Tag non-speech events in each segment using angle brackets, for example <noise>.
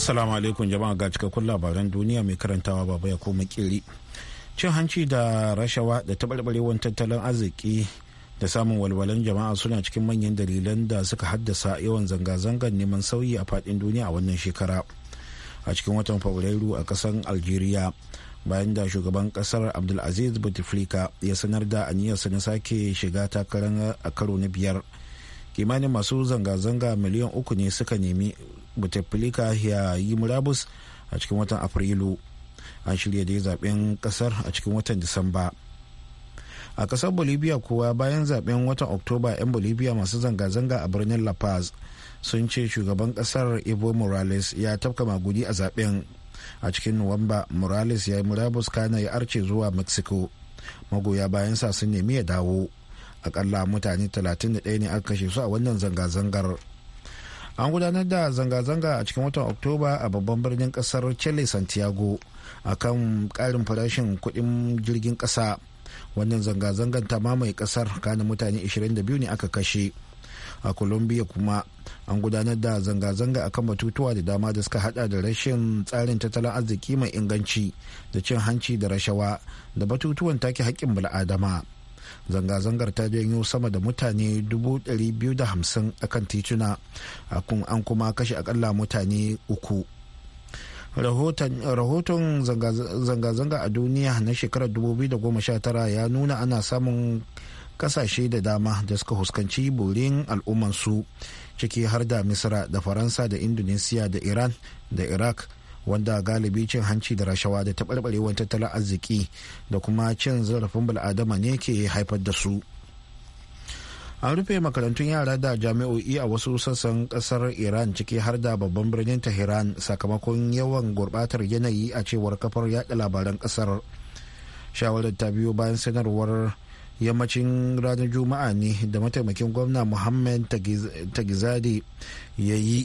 Assalamu alaikum jama'a ga cikakkun labaran duniya mai karantawa baba ya koma kiri. Cin hanci da rashawa da taɓarɓarewar tattalin arziki da samun walwalan jama'a suna cikin manyan dalilan da suka haddasa yawan zanga-zangar neman sauyi a faɗin duniya a wannan shekara. A cikin watan Fabrairu a ƙasar Algeria bayan da shugaban ƙasar Abdulaziz Bouteflika ya sanar da aniyarsa na sake shiga takarar a karo na biyar. kimanin masu zanga-zanga miliyan uku ne suka nemi bouteflika ya yi murabus a cikin watan afrilu an shirya dai zaben kasar a cikin watan disamba a kasar bolivia kuwa bayan zaben watan oktoba 'yan bolivia masu zanga-zanga a birnin la paz sun ce shugaban kasar evo morales ya tafka magudi a zaben a cikin nuwamba morales ya yi murabus kana ya arce zuwa mexico magoya bayan sa sun nemi ya dawo akalla mutane 31 ne aka kashe su a wannan zanga-zangar an gudanar da zanga-zanga a cikin watan oktoba a babban birnin kasar chile santiago a kan karin farashin kudin jirgin kasa wannan zanga-zangan ta mamaye kasar kanin mutane 22 ne aka kashe a colombia kuma an gudanar da zanga-zanga akan batutuwa da dama da suka hada da rashin tsarin tattalin arziki mai inganci da cin hanci da rashawa da batutuwan take haƙƙin bil'adama. zanga-zangar ta janyo sama da mutane 250 a kan tituna an kuma kashe akalla mutane uku rahoton zanga-zanga a duniya na shekarar 2019 ya nuna ana samun kasashe da dama da suka huskanci borin al'ummansu ciki har da misra da faransa da indonesia da iran da iraq wanda galibi cin hanci da rashawa da taɓarɓarewar tattalin arziki da kuma cin zarafin bil'adama ne ke haifar da su an rufe makarantun yara da jami'o'i a wasu sassan kasar iran ciki har da babban birnin tehran sakamakon yawan gurbatar yanayi a cewar kafar yada labaran kasar shawarar ta biyo bayan sanarwar yammacin ranar juma'a ne da mataimakin gwamna muhammad tagizade ya yi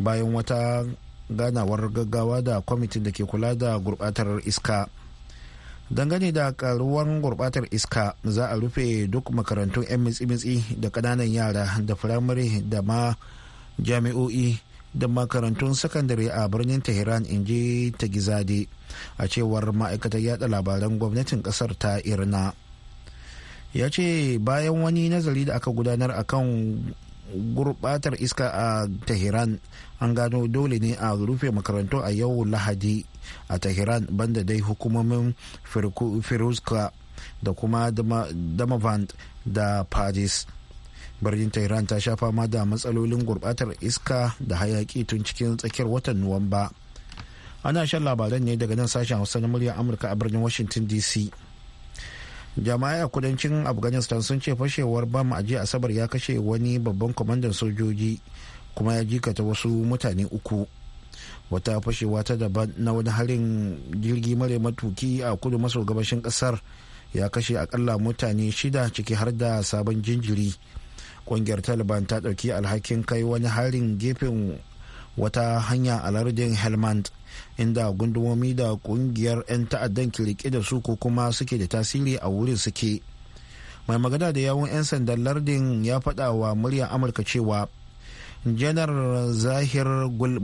bayan wata ganawar gaggawa da kwamitin da ke kula da gurbatar iska dangane da karuwan gurbatar iska za a rufe duk makarantun 'yan mitsi-mitsi da kananan yara da firamare da ma jami'o'i da makarantun sakandare a birnin tehran in ji ta gizade a cewar ma'aikatar yada labaran gwamnatin kasar ta irna ya ce bayan wani nazari da aka gudanar akan gurbatar iska a tehran an gano dole ne a rufe makarantu a yau lahadi a tehran banda dai hukumomin firuska da kuma damavand da paris birnin tehran ta sha fama da matsalolin gurbatar iska da hayaki tun cikin tsakiyar watan nuwamba ana shan labaran ne daga nan sashen hausa na murya amurka a birnin washington dc jama'ai a kudancin afghanistan sun ce fashewar bam a jiya asabar ya kashe wani babban kwamandan sojoji kuma ya jikata wasu mutane uku wata fashewa ta daban na wani harin jirgi mare matuki a kudu maso gabashin kasar ya kashe akalla mutane shida ciki har da sabon jinjiri kungiyar taliban ta dauki alhakin kai wani harin gefen wata hanya a lardin helmand inda gundumomi da kungiyar 'yan ta'addan rike da su ko kuma suke da tasiri a wurin suke mai magana da yawun 'yan sandan lardin ya faɗa wa muryar amurka cewa janar zahir gul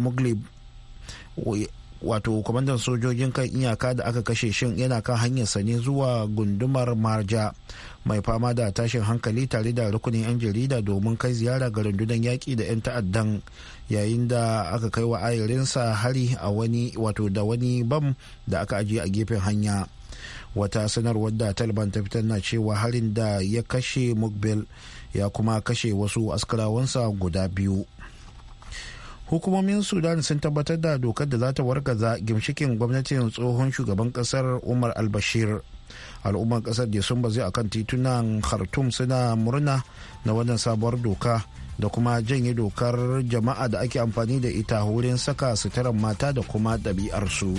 wato kwamandan sojojin kan iyaka da aka kashe shin yana kan sa ne zuwa gundumar marja mai fama da tashin hankali tare da rukunin 'yan jarida domin kai ziyara ga rundunar yaƙi da 'yan ta'addan yayin da aka kai wa ayarinsa hari a wani wato da wani bam da aka ajiye a gefen hanya wata sanarwar da taliban ta fitar na cewa harin da ya kashe mukbel ya kuma kashe wasu askarawansa guda biyu hukumomin sudan sun tabbatar da dokar da za ta wargaza gimshikin gwamnatin tsohon shugaban kasar umar albashir al'ummar kasar da sun bazai akan titunan khartum suna murna na wannan sabuwar doka da kuma janye dokar jama'a da ake amfani da ita wurin saka suturar mata da kuma ɗabi'arsu.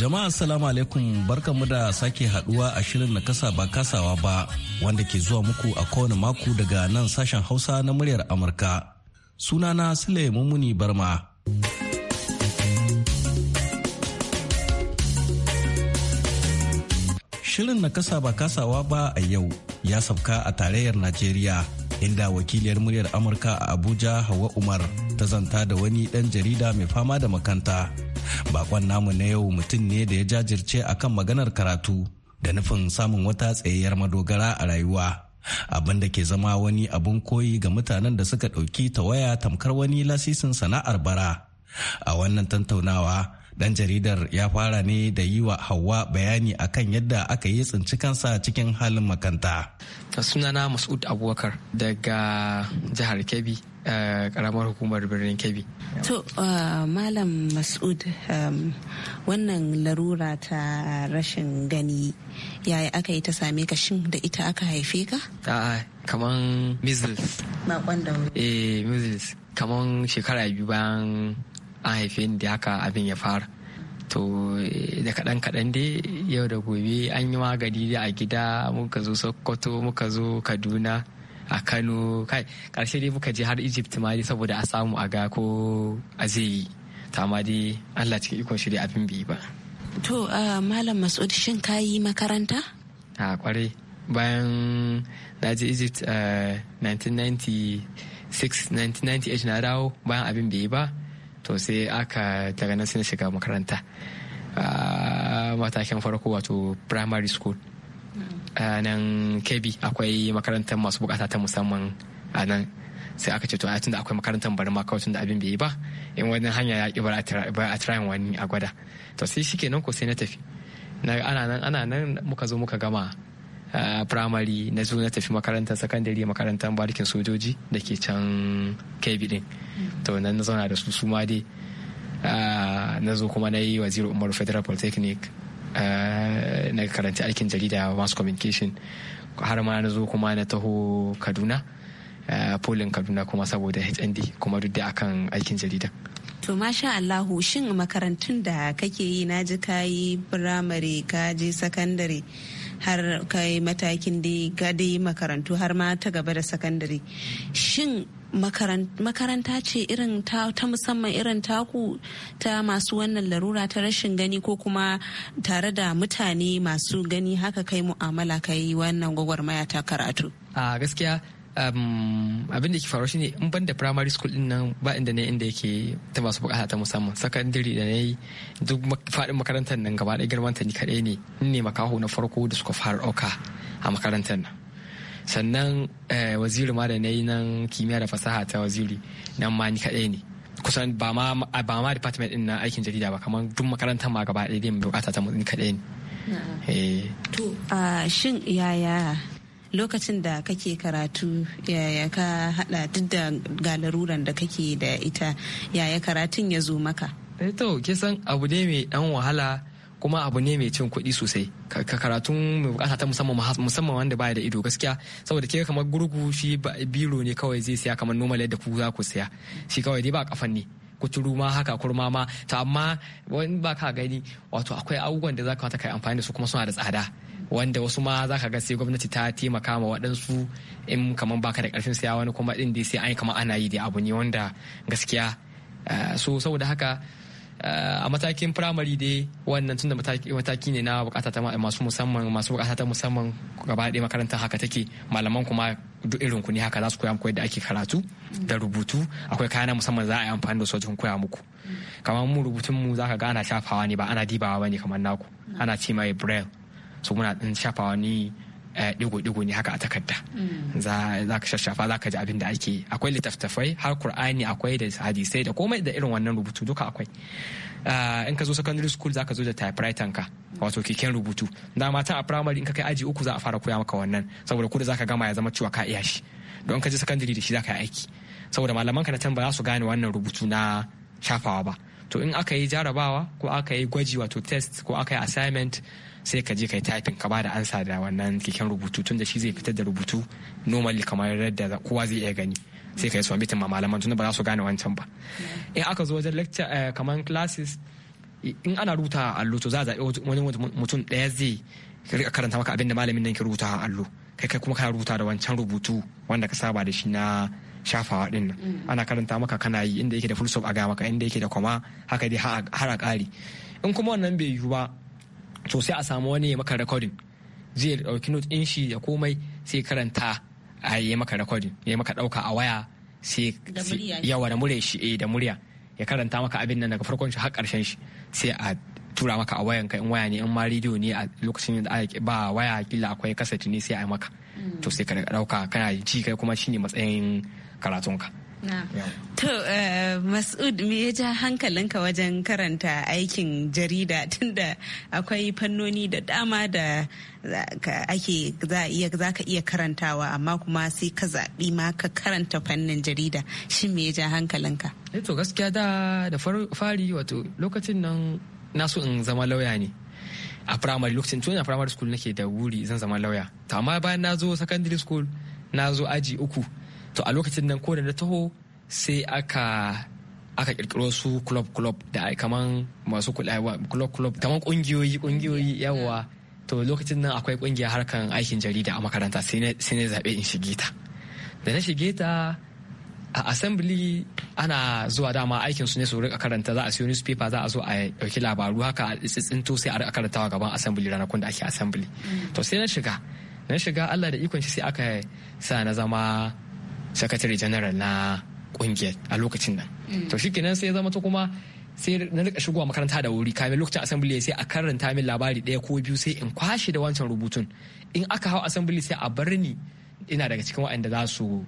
Jama'a salamu alaikum mu da sake haduwa a shirin na kasa ba kasawa ba wanda ke zuwa muku a kowane mako daga nan sashen Hausa na muryar Amurka. Sunana Sule mummuni Barma. Shirin na kasa ba kasawa ba a yau ya sabka a tarayyar Najeriya inda wakiliyar muryar Amurka a Abuja Hawa Umar ta zanta da wani ɗan jarida mai fama da makanta bakon namu na yau mutum ne da ya jajirce akan maganar karatu da nufin samun wata tsayayyar madogara a rayuwa abin da ke zama wani abin koyi ga mutanen da suka ɗauki tawaya tamkar wani lasisin sana'ar bara a wannan tantaunawa dan jaridar ya fara ne da yi wa hawa bayani akan yadda aka yi tsinci kansa cikin halin makanta sunana masud abubakar daga jihar kebbi Eh, karamar hukumar birnin kebbi to uh, malam masud um, wannan larura ta rashin gani yaya aka yi ta same ka shin da ita aka haife ka a'a kaman measles da eh measles kaman shekara biyu bayan an haife ni da haka abin ya fara to eh, da kaɗan kaɗan dai yau da gobe an yi magani a gida muka zo sokoto muka zo kaduna a kano kai karshe dai muka je har egypt ma dai saboda a samu a ga ko a zai yi ta ma dai allah cikin ikon shi dai abin bai ba to uh, malam masud shin ka yi makaranta a kwarai bayan na je egypt 1996 uh, 1998 na dawo bayan abin bai yi ba to sai aka daga nan sai shiga makaranta uh, matakin farko wato primary school A nan kebi akwai makarantar masu bukata ta musamman a nan sai aka ce to tun da akwai makarantar bari ma kawai tun da abin bai yi ba in wani hanya ya ki bar a tirayin wani a gwada to sai shi kenan ko sai na tafi ana nan ana nan muka zo muka gama primary na zo na tafi makarantar secondary makarantar barikin sojoji da ke can kebi din to nan na zauna da su su ma dai na zo kuma na yi waziri umaru federal polytechnic Eh, na karanci aikin jarida mass communication har ma na zo kuma na taho kaduna eh, polin kaduna kuma saboda hnd kuma duk da akan aikin jarida to masha allahu shin makarantun da kake yi na ji kayi firamare ka je sakandare har kai matakin da gade makarantu har ma ta gaba da sakandare shin makaranta ce irin ta, musamman irin taku ta masu wannan larura ta rashin gani ko kuma tare da mutane masu gani haka kai mu'amala kai wannan gwagwarmaya ta karatu a gaskiya abin da ke faru shine in ban da primary school din nan ba inda ne inda yake ta masu bukata ta musamman secondary da nayi duk fadin makarantar nan gaba ɗaya girman ta ni kaɗai ne ni ne makaho na farko da suka fara ɗauka a makarantar nan sannan eh, waziri ma da nayi nan kimiyya da fasaha ta waziri nan ma ni kaɗai ne kusan ba ma ba ma department din na aikin jarida ba kamar duk makarantar ma gaba ɗaya dai bukata ta mu ni kaɗai ne. Eh. To ah, shin yaya lokacin da kake karatu yaya ka hada duk da galaruran da kake da ita yaya karatun ya zo maka eh to kisan abu ne mai dan wahala kuma abu ne mai cin kuɗi sosai ka karatun mai bukata ta musamman musamman wanda baya da ido gaskiya saboda ke kamar gurgu shi biro ne kawai zai siya kamar normal yadda ku za ku siya shi kawai dai ba kafan ne kuturu ma haka kurma ma to amma wani ba ka gani wato akwai abubuwan da za ka kai amfani da su kuma suna da tsada wanda wasu ma za ka ga sai gwamnati ta taimaka ma waɗansu in kamar baka da ƙarfin siya wani kuma ɗin dai sai an yi kamar ana yi da abu ne wanda gaskiya eh, so saboda haka eh, a matakin firamare dai wannan tunda mataki ne na bukata ta masu musamman masu bukata ta musamman gaba ɗaya makarantar haka take malaman kuma duk irin ku ne haka za su koya muku yadda ake karatu da rubutu akwai kayan musamman za a yi amfani da su wajen koya muku kamar mu rubutun mu zaka ga ana shafawa ne ba ana dibawa bane kamar naku ana ce mai braille su muna ɗin shafawa ni eh, ɗigo-ɗigo ne haka a takarda mm. za ka shafa za ka ji abin da ake akwai littattafai har kur'ani akwai da hadisai da komai da irin wannan rubutu duka akwai ah, in ka zo secondary school za ka zo da typewriter ka wato keken rubutu da matan a primary in ka kai aji uku za a fara koya maka wannan saboda kuda za ka gama ya zama cewa ka iya shi don ka je secondary da shi za ka yi aiki saboda malaman ka na can za su gane wannan rubutu na shafawa ba to in aka yi jarabawa ko aka yi gwaji wato test ko aka yi assignment sai ka je ka kai typing ka ba da ansa da wannan keken rubutu tun da shi zai fitar da rubutu normally kamar yadda kowa zai iya gani sai ka yi a ma malaman tunda ba za su gane wancan ba in aka zo wajen lecture eh, kamar classes in ana rubuta allo to za a zaɓi wani mutum ɗaya zai karanta maka abin da malamin nan ke rubuta a allo kai kai kuma kana rubuta da wancan rubutu wanda ka saba da shi na shafawa din nan mm. ana karanta maka kana yi inda yake da full stop a ga maka inda yake da kwama haka dai har a ƙari in kuma wannan bai yiwu ba to sai a samu wani ya maka recording zai dauki not in shi da komai sai karanta a yi maka recording ya maka dauka a waya sai yawa da murya shi eh da murya ya karanta maka abin nan daga farkon shi har karshen shi sai a tura maka a wayan ka in waya ne in ma radio ne a lokacin da ba waya kila akwai kasati ne sai a yi maka mm. to sai ka dauka kana ji kai kuma shine matsayin karatun ka. To, eh, Masud, me ya ja hankalinka wajen karanta aikin jarida <laughs> tunda akwai fannoni da dama da ake za ka iya karantawa amma kuma sai ka zaɓi ma ka karanta fannin jarida shi me ya ja hankalinka? Eh, to gaskiya da da fari wato lokacin nan na so in zama lauya ne. a primary lokacin tun a primary school nake da wuri zan zama lauya to amma bayan na zo secondary school na zo aji uku to a lokacin nan ko da na taho sai aka aka kirkiro su club club da kaman masu kuɗa club club kaman kungiyoyi kungiyoyi yawa to lokacin nan akwai kungiya harkan aikin jarida a makaranta sai ne zaɓe in shige ta da na shige ta a assembly ana zuwa dama aikin su ne su rika karanta za a siyo newspaper za a zo a dauki labaru haka a tsitsinto sai a rika karantawa gaban assembly ranakun da ake assembly mm. to sai na shiga na shiga Allah da ikon shi sai aka sa na zama sakatare janaral na kungiyar a lokacin nan mm. to shikenan sai ya zama ta kuma sai na rika shigowa makaranta da wuri kamin lokacin assembly sai a karanta min labari daya ko biyu sai in kwashe da wancan rubutun in aka hau assembly sai a bar ni ina daga cikin waɗanda za su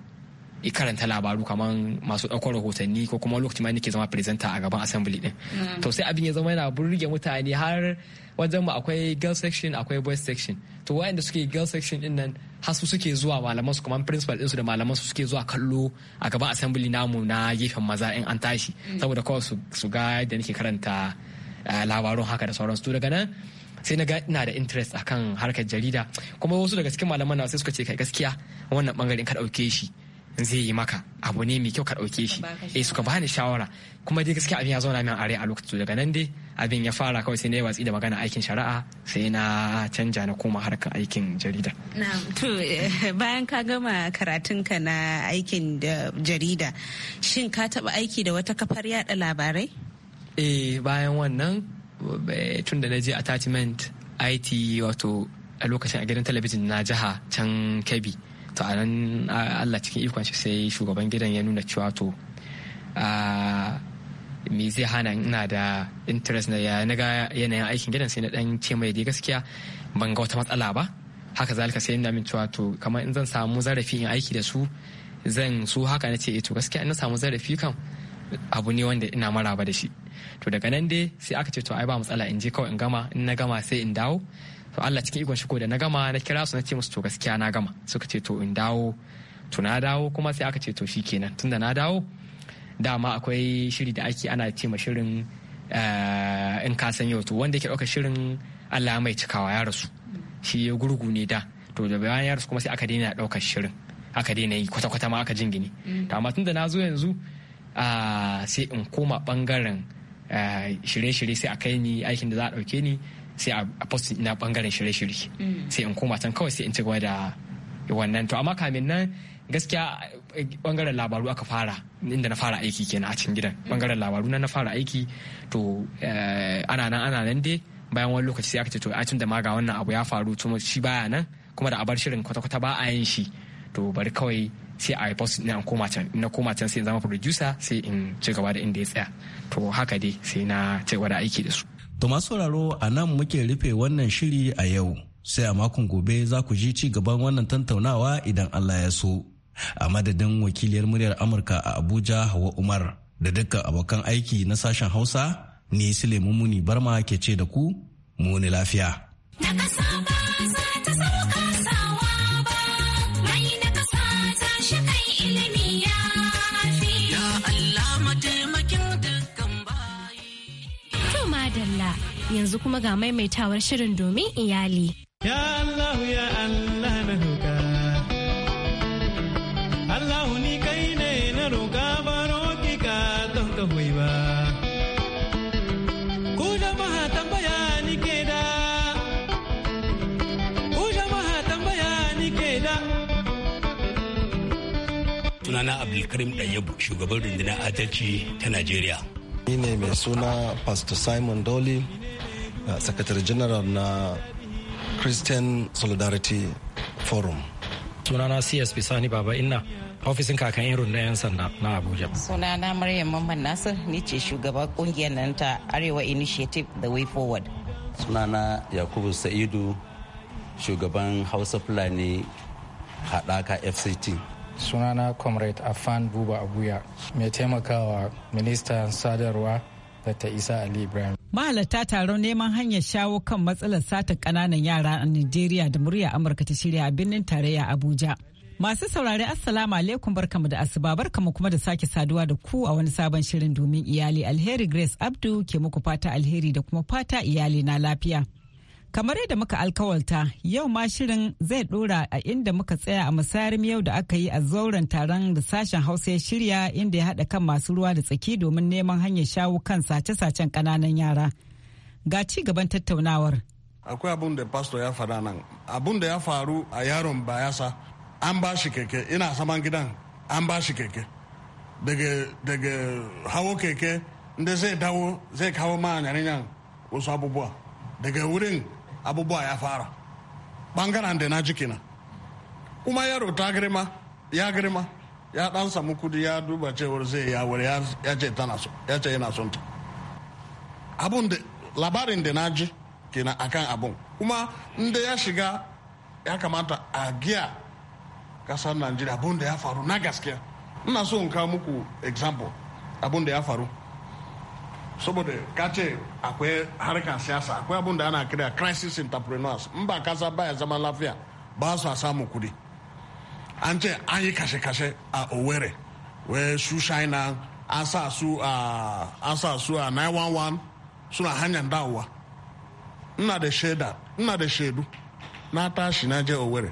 karanta labaru kamar masu ɗaukar rahotanni ko kuma lokacin ma nake zama presenter a gaban assembly din mm. to sai abin ya zama yana burge mutane har wajen mu akwai girl section akwai boys section to wayanda suke girl section din nan har su suke zuwa malaman su kamar principal din su da malaman su suke zuwa kallo a gaban assembly namu na gefen maza in an tashi mm. saboda kawai su ga da nake karanta eh, labarun haka da sauransu to daga nan sai na ga ina da interest akan harkar jarida kuma wasu daga cikin malaman na sai suka ce kai gaskiya wannan bangaren ka dauke shi zai yi maka abu ne mai kyau ka ɗauke shi eh suka bani shawara kuma dai gaskiya abin ya zauna min a a lokacin daga nan dai abin ya fara kawai sai na yi watsi da magana aikin shari'a sai na canja na koma harkar aikin jarida. to eh, bayan ka gama karatunka na aikin jarida shin ka taɓa aiki da wata kafar yada labarai? eh bayan wannan eh, tun da na je attachment IT e wato a lokacin a gidan talabijin na jiha can Kebbi. to a nan allah cikin ikon shi sai shugaban gidan ya nuna cewa to me zai hana ina da interest na ya naga yanayin aikin gidan sai na dan ce mai dai gaskiya ban ga wata matsala ba haka zalika sai ina min cewa to kamar in zan samu zarafi in aiki da su zan su haka na ce eh, to gaskiya in na samu zarafi kan abu ne wanda ina maraba da shi to daga nan dai sai aka ce to ai ba matsala in je kawai in gama in na gama sai in dawo to Allah cikin ikon shi ko da na gama na kira su na ce musu to gaskiya na gama suka ce to in dawo to na dawo kuma sai aka ce to shikenan tunda na dawo dama akwai shiri da ake ana ce ma shirin eh, in ka san yau to wanda yake ɗauka shirin Allah mai cikawa ya rasu shi ya gurgu ne da to da bayan ya rasu kuma sai aka daina ɗaukar shirin aka daina yi kwata-kwata ma aka jingine mm. to amma tun na zo yanzu sai in koma bangaren shirye-shirye sai a kai ni aikin da za a dauke ni sai a post na bangaren shirye-shirye mm. sai in koma can kawai sai in ci gaba da wannan to amma kamin nan gaskiya bangaren eh, labaru aka fara inda na fara aiki kenan a cikin gidan bangaren mm. labaru na na fara aiki to eh, ana nan ana nan dai bayan wani lokaci sai aka ce to a tun da ma ga wannan abu ya faru tuma shi baya nan kuma da a bar shirin kwata-kwata ba a yin shi to bari kawai sai a post na koma can na koma can sai zama producer sai in ci gaba da inda ya tsaya to haka dai sai na ci gaba da aiki da su to masu sauraro a nan muke rufe wannan shiri a yau sai a makon gobe za ku ji ci gaban wannan tantaunawa idan Allah ya so a madadin wakiliyar muryar Amurka a Abuja Hawa Umar da dukkan abokan aiki na sashen Hausa ni Sule Mumuni Barma ke ce da ku muni lafiya. yanzu kuma ga maimaitawar shirin domin iyali. Ya Allah ya Allah na na Sunana Abdulkarim Ɗanyabu, shugaban rundunar adalci ta Najeriya. Ni ne mai suna Pastor Simon Dolly Uh, secretary general na christian solidarity forum sunana csp sani baba inna ofisin kakan irin na 'yan sanda na abuja sunana maryam mamman nasir ni ce shugaban kungiyar nan ta arewa initiative the way forward sunana yakubu sa'idu shugaban hausa fulani haɗaka fct sunana comrade afan buba abuya mai taimakawa ministan sadarwa Dr. Isa Ali Ibrahim. Mahalarta taron neman hanyar shawo kan matsalar sata ƙananan yara a Najeriya da murya Amurka ta shirya a birnin tarayya Abuja. Masu saurari Assalamu alaikum barkamu da asuba barkamu kuma da sake saduwa da ku a wani sabon shirin domin iyali alheri Grace Abdu ke muku fata alheri da kuma fata iyali na lafiya. Kamar yadda muka alkawalta, yau ma shirin zai dora a inda muka tsaya a musayarin yau da aka yi a zauren taron da sashen Hausa ya shirya inda ya haɗa kan masu ruwa da tsaki domin neman hanyar shawo kan sace-sacen ƙananan yara. Ga ci gaban tattaunawar. Akwai abun da pastor ya faɗa nan, abun da ya faru a yaron bayasa, an ba shi keke, ina saman gidan an ba shi keke. Daga, daga hawo keke, inda zai dawo zai kawo ma wasu abubuwa. Daga wurin abubuwa ya fara bangaren da na ji kenan kuma yaro ta girma ya girma ya dan samu kudi ya duba cewar zai ya wuri ya ce tana so ya ce yana son ta abun da labarin da na ji kenan akan abun kuma inda ya shiga ya kamata a giya kasar najeriya abun da ya faru na gaskiya ina so in kawo muku example abun da ya faru saboda ka ce akwai harkar siyasa akwai abin da ana kira crisis entrepreneurs in ba kasa baya zaman lafiya ba su a samun kudi an ce an yi kashe-kashe a owerri wai su china an sa su a 911 suna hanyar dawowa ina da shaida ina da shaidu na tashi na je owerri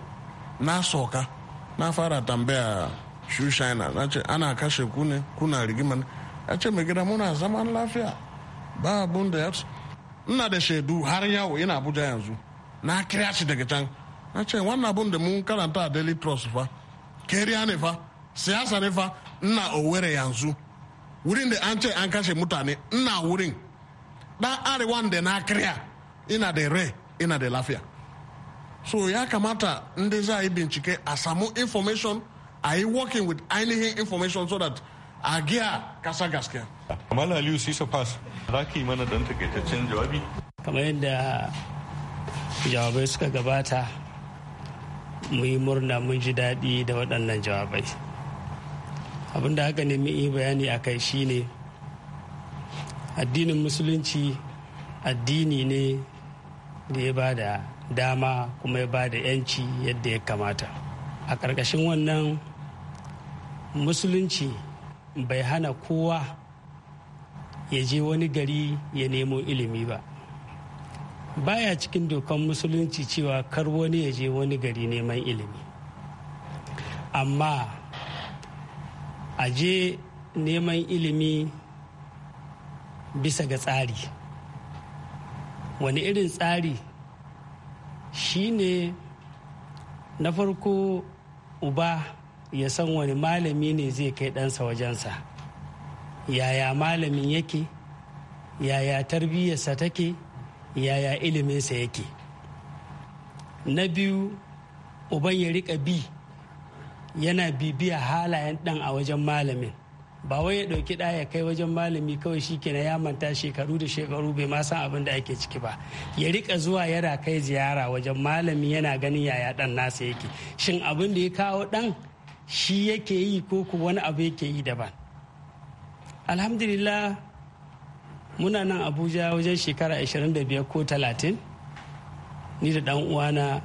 na soka na fara tambaya su china na ce ana kashe ku ne kuna rigima ya ce mai gida muna zaman lafiya ba abun da ya ina da shaidu har yawo ina abuja yanzu na kira shi daga can na ce wannan abun da mun karanta a daily trust fa keriya ne fa siyasa ne fa ina owere yanzu wurin da an ce an kashe mutane ina wurin dan arewa da na kira ina da rai ina da lafiya so ya kamata inda za a yi bincike a samu information a yi working with ainihin information so that a giya kasa gaskiya. Amala Aliyu Sisa Pass, za ki mana dan takaitaccen jawabi? Kamar yadda jawabai suka gabata, mu yi murna mun ji daɗi da waɗannan jawabai. Abin da haka nemi yi bayani a kai shi ne, addinin musulunci addini ne da ya ba da dama kuma ya ba da 'yanci yadda ya kamata. A ƙarƙashin wannan musulunci bai hana kowa ya je wani gari ya nemo ilimi ba baya cikin dokan musulunci cewa kar wani ya je wani gari neman ilimi amma a je neman ilimi bisa ga tsari wani irin tsari shine na farko uba ya san wani malami ne zai kai ɗansa wajensa yaya malamin yake yaya tarbiyyarsa take yaya iliminsa yake na biyu uban ya rika bi yana bibiya halayen ɗan a wajen malamin ba wai ya ɗauki ɗa ya kai wajen malami kawai shi ya manta shekaru da shekaru bai ma san abin da ake ciki ba ya rika zuwa yana kai ziyara wajen malami yana ganin yaya ɗan nasa yake shin abin da ya kawo ɗan shi yake yi ko ku wani abu yake yi daban alhamdulillah muna nan abuja wajen shekara 25 ko 30 ni da dan uwana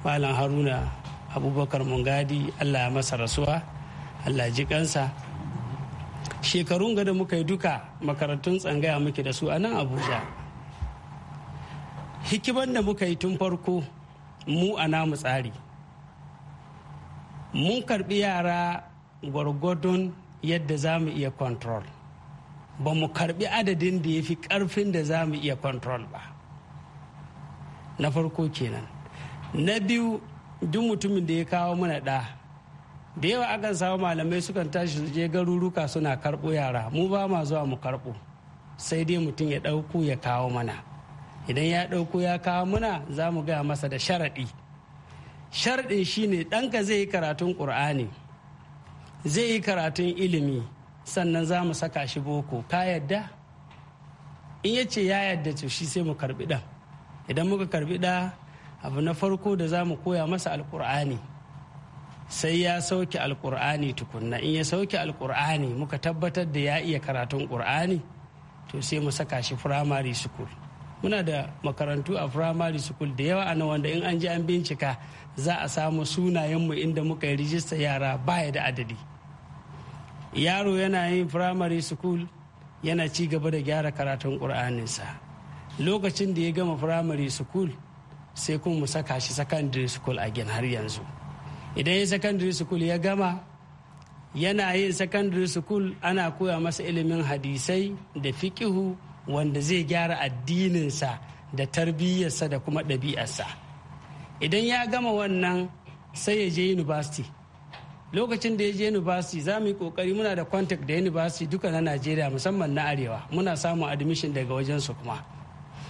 malam haruna abubakar mungadi allah masa rasuwa allah ji shekarun gada muka yi duka makarantun tsangaya muke da su a nan abuja hikiman da muka yi tun farko mu a namu tsari mun karbi yara gwargwadon yadda za mu iya control ba mu karbi adadin da ya fi karfin da za mu iya control ba na farko kenan na biyu duk mutumin da ya kawo mana ɗa da yawa akan samu malamai sukan tashi su je garuruka suna karɓo yara mu ba ma zuwa mu karɓo sai dai mutum ya ɗauko ya kawo mana idan ya ɗauko ya kawo mana za mu gaya masa da sharaɗi sharɗe shine ɗanka zai yi karatun ƙur'ani zai yi karatun ilimi sannan za mu saka shi boko ka yadda in ya ce ya yadda to shi sai mu karbi ɗan idan muka karbi ɗa abu na farko da za mu koya masa alƙur'ani sai ya sauke alƙur'ani tukunna in ya sauke alƙur'ani muka tabbatar da ya iya karatun ƙur'ani to sai mu saka shi firamare school muna da makarantu a primary school da yawa a nan wanda in an ji an bincika za a samu sunayenmu inda muka yi rijista yara baya da adadi yaro yana yin primary school yana ci gaba da gyara karatun ƙur'aninsa lokacin da ya gama primary school sai kuma mu saka shi secondary school a gin har yanzu idan ya secondary school ya gama yana yin secondary school ana koya masa ilimin hadisai da fiƙihu wanda zai gyara addininsa da tarbiyyarsa da kuma ɗabi'arsa idan ya gama wannan sai ya je university lokacin da ya je university za mu yi kokari muna da contact da university duka na najeriya musamman na arewa muna samun admission daga wajensu kuma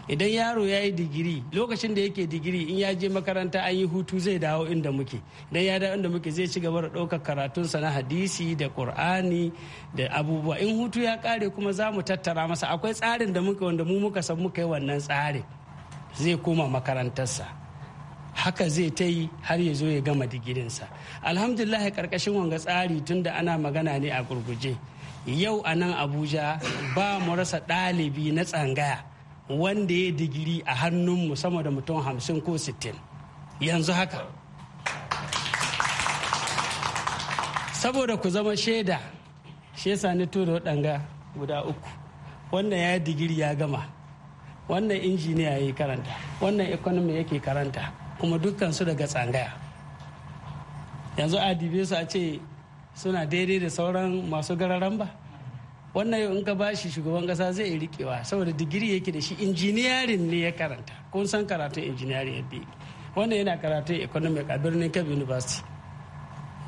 idan yaro ya yi digiri lokacin da yake digiri in ya je makaranta an yi hutu zai dawo inda muke idan ya dawo inda muke zai ci gaba da ɗaukar karatun sa na hadisi da ƙur'ani da abubuwa in hutu ya ƙare kuma za mu tattara masa akwai tsarin da muke wanda mu muka san muka yi wannan tsarin zai koma makarantarsa haka zai ta yi har ya zo ya gama digirinsa alhamdulillah karkashin wanga tsari tun da ana magana ne a gurguje yau a nan abuja ba mu rasa ɗalibi na tsangaya wanda ya digiri a hannun mu sama da mutum hamsin ko sittin yanzu haka saboda ku zama shaida shi yasa ni tura waɗanga guda uku wannan ya digiri ya gama wannan injiniya ya yi karanta wannan economy yake karanta kuma dukkansu daga tsangaya yanzu a dibe su a ce suna daidai da sauran masu gararan ba wannan yau in ka ba shi shugaban kasa zai yi rikewa saboda digiri yake da shi injiniyarin ne ya karanta kun san karatun injiniyarin yadda wannan yana karatun economic a birnin kebbi university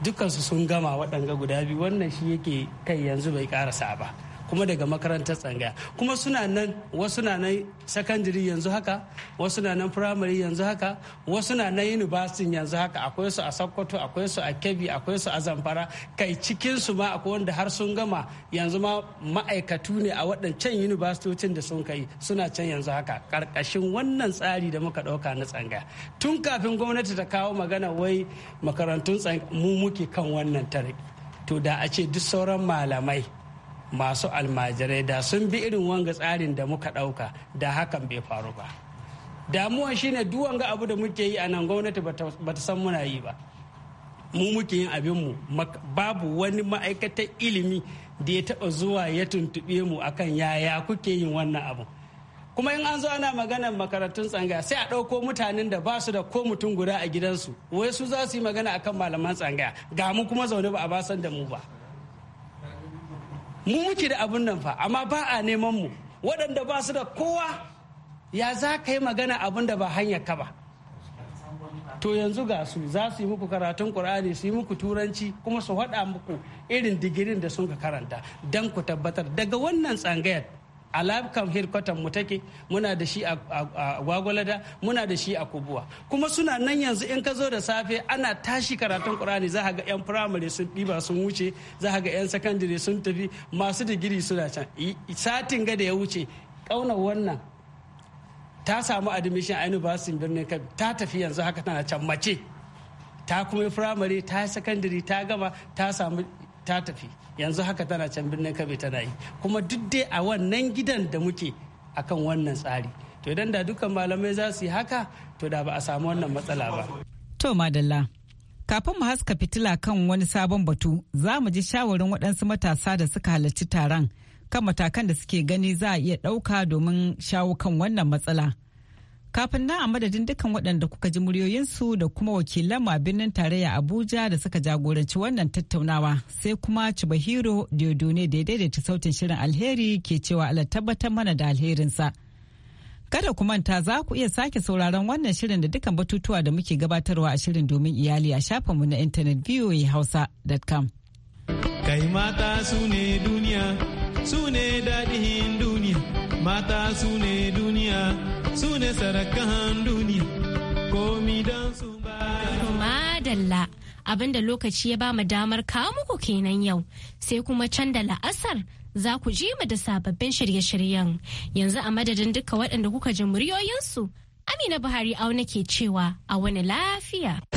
dukansu sun gama waɗanga guda biyu wannan shi yake kai yanzu bai karasa ba kuma daga makarantar tsangaya kuma suna nan wasu na nan sakandiri yanzu haka wasu na nan firamare yanzu haka wasu na nan yunibasin yanzu haka akwai su a sokoto akwai su a kebbi akwai su a zamfara kai cikin su ma akwai wanda har sun gama yanzu ma ma'aikatu ne a waɗancan yunibasitocin da sun kai suna can yanzu haka karkashin wannan tsari da muka ɗauka na tsangaya tun kafin gwamnati ta kawo magana wai makarantun mu muke kan wannan tare to da a ce duk sauran malamai masu almajirai da sun bi irin wanga tsarin da muka ɗauka da hakan bai faru ba damuwa shine duk wanga abu da muke yi a nan gwamnati ba ta san muna yi ba mu muke yin abinmu babu wani ma'aikatar ilimi da ya taɓa zuwa ya tuntuɓe mu akan yaya kuke yin wannan abu kuma in an zo ana maganar makarantun tsangaya sai a ɗauko mutanen da ba su da ko mutum guda a gidansu wai su za su yi magana akan malaman tsangaya ga mu kuma zaune ba a basan da mu ba mu muke da abun nan fa amma ba a neman mu waɗanda ba su da kowa ya za ka yi magana abun da ba hanyar ka ba to yanzu ga su za su yi muku karatun ƙur'ani su yi muku turanci kuma su haɗa muku irin digirin da sun ka karanta don ku tabbatar daga wannan tsangayar a labcam headquarter mu take muna da shi a gwagwalada muna da shi a kubuwa kuma suna nan yanzu in ka zo da safe ana tashi karatun qur'ani za ga yan firamare sun ɗiba sun wuce za ga yan sakandare sun tafi masu digiri suna can satin ga da ya wuce ƙaunar wannan ta samu admission a university birnin kabi ta tafi yanzu haka tana can mace ta kuma firamare ta sakandare ta gama ta samu ta tafi yanzu haka tana can birnin kabe tana yi kuma duk dai a wannan gidan da muke akan wannan tsari to idan da dukkan malamai za su yi haka to da ba a samu wannan matsala ba to madalla kafin mu haska fitila kan wani sabon batu za mu ji shawarin waɗansu matasa da suka halarci taron kan matakan da suke gani za a iya ɗauka domin shawo kan wannan matsala Kafin na a madadin dukkan waɗanda kuka ji muryoyinsu da kuma wakilan ma birnin tarayya Abuja da suka jagoranci wannan tattaunawa sai kuma Cibahiro daidai da ta sautin shirin alheri ke cewa ala tabbatar mana da alherinsa. Kada ku manta za ku iya sake sauraron wannan shirin da dukkan batutuwa da muke gabatarwa a shirin domin iyali a shafinmu na intanet voahausa.com. Kai mata su ne duniya, su ne daɗin duniya, mata su ne duniya, su ne sarakan duniya komi don su ba. mu lokaci ya bamu damar kawo muku kenan yau sai kuma can da la'asar za ku ji mu da sababbin shirye-shiryen yanzu a madadin duka waɗanda kuka ji muryoyinsu amina buhari auna ke cewa a wani lafiya.